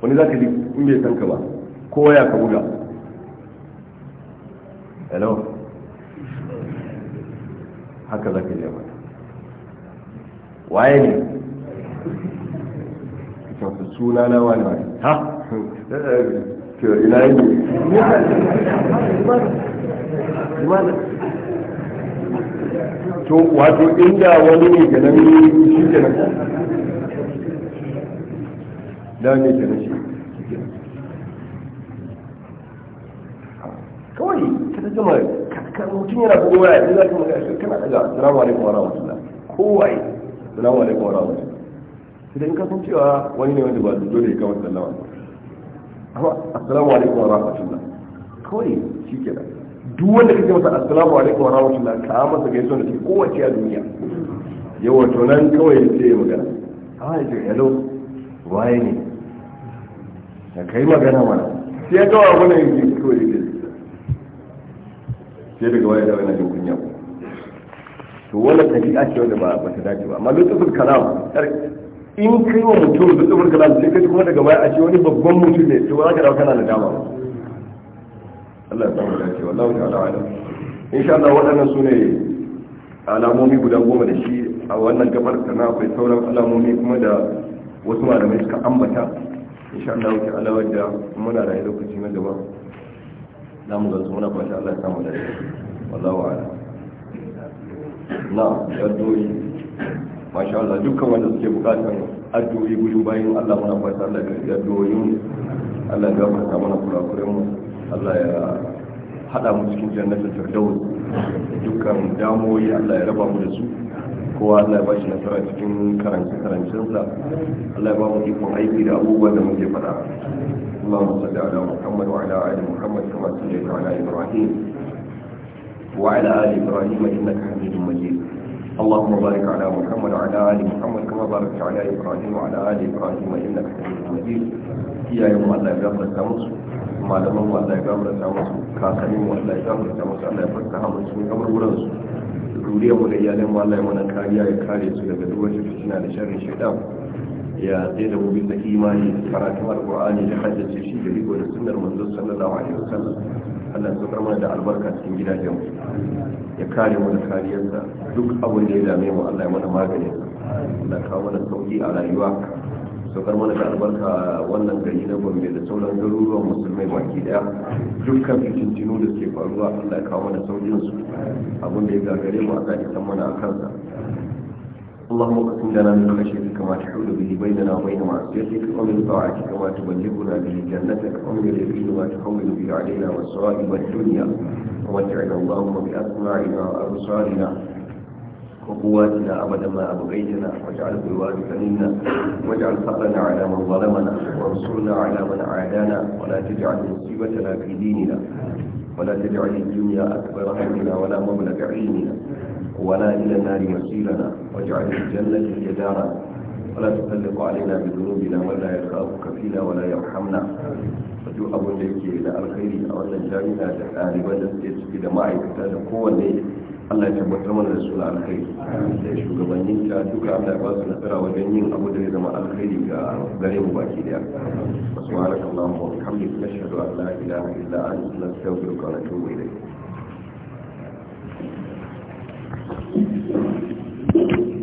wani za ka ji in bai san ka ba ko ya ka buga hello haka za ka ji ba waye ne kyansu suna na wani wani ha ina yi to wato inda wani ne shi da ne shi kawai ka ta mutum yana kuma waya shi kana daga salamu alaikum wa rahmatullah kowai salamu alaikum wa rahmatullah ka san cewa wani ne wanda ba dole sallama amma assalamu alaikum wa rahmatullah kawai shi duk wanda kake masa assalamu alaikum wa rahmatullah ka masa gaisuwa da ke kowace a duniya yawa wato nan kawai sai ya magana ah ya ce hello waye ne ka kai magana mana sai ya kawai wani yanki kawai ya sai daga waye da wani jin kunya to wannan ɗabi'a ce wanda ba ba. ta dace ba amma lokacin kalam in kai wa mutum da tsibir kalam sai kai kuma daga baya a ce wani babban mutum ne to ba za ka dawo kana da dama ba Allah ya samu alam Allah waɗannan su ne alamomi guda goma da shi a wannan gabar na akwai sauran alamomi kuma da wasu malamai suka ambata sha Allah ta'ala wadda muna rayu lokaci na gaba za mu gansu muna fata Allah ya samu dace wallahu a'lam na addu'o'i masha Allah dukkan wanda suke bukatar addu'o'i gudu bayan Allah muna fata Allah ya karbi addu'o'in Allah ya gafarta mana kurakuren mu Allah ya hada mu cikin jannatin firdaus dukkan damoyi Allah ya raba mu da su kowa Allah ya bashi nasara cikin karance karancensa Allah ya ba mu iko aiki da abubuwan da muke fada Allah mu sadda ala Muhammad wa ala ali Muhammad kama sallaita ala Ibrahim wa ala ali Ibrahim innaka Hamidum Majid اللهم بارك على محمد وعلى ال محمد كما باركت على ابراهيم وعلى ال ابراهيم انك حميد مجيد iyayen mu Allah ya gafarta musu malaman mu Allah ya gafarta musu kakannin mu Allah ya gafarta musu Allah ya farka hamu cikin kaburburan su duriya mu da iyalan mu Allah ya mana kariya ya kare su daga duk wani fitina da sharri shaitan ya tsaye da mu bisa imani karatun alqur'ani da haddace shi da riko da sunnar manzo sallallahu alaihi wasallam Allah ya mana da albarka cikin gidajen mu ya kare mu da kariyarsa duk abin da ya dame mu Allah ya mana magani Allah ya kawo mana sauki a rayuwa saukar mana da albarka wannan gari na gombe da sauran garuruwan musulmai baki daya dukkan fitintinu da suke faruwa allah kawo mana saukin su abin da ya gagare mu a isan mana a kansa اللهم اقسم لنا من خشيتك ما تحول به بيننا وبين معصيتك ومن طاعتك ما تبلغنا به جنتك ومن اليقين ما تحول به علينا مصائب الدنيا ومتعنا اللهم باسماعنا وابصارنا وقواتنا أبدا ما أبغيتنا واجعل بالوارث منا واجعل فقرنا على من ظلمنا وانصرنا على من عادانا ولا تجعل مصيبتنا في ديننا ولا تجعل الدنيا أكبر همنا ولا مبلغ علمنا ولا إلى النار مصيرنا واجعل الجنة جدارا ولا تسلط علينا بذنوبنا ولا يخافك فينا ولا يرحمنا duk abin da yake da alkhairi a wannan jami'a da ɗaliban da suke ciki da ma'aikata da kowanne Allah ya tabbatar mana da suna alkhairi da shugabannin ta duka Allah ya basu nasara wajen yin abu da ya zama alkhairi ga gare mu baki daya subhanaka allahumma wa bihamdika nashhadu an la ilaha illa anta nastaghfiruka wa natubu ilayk Thank you.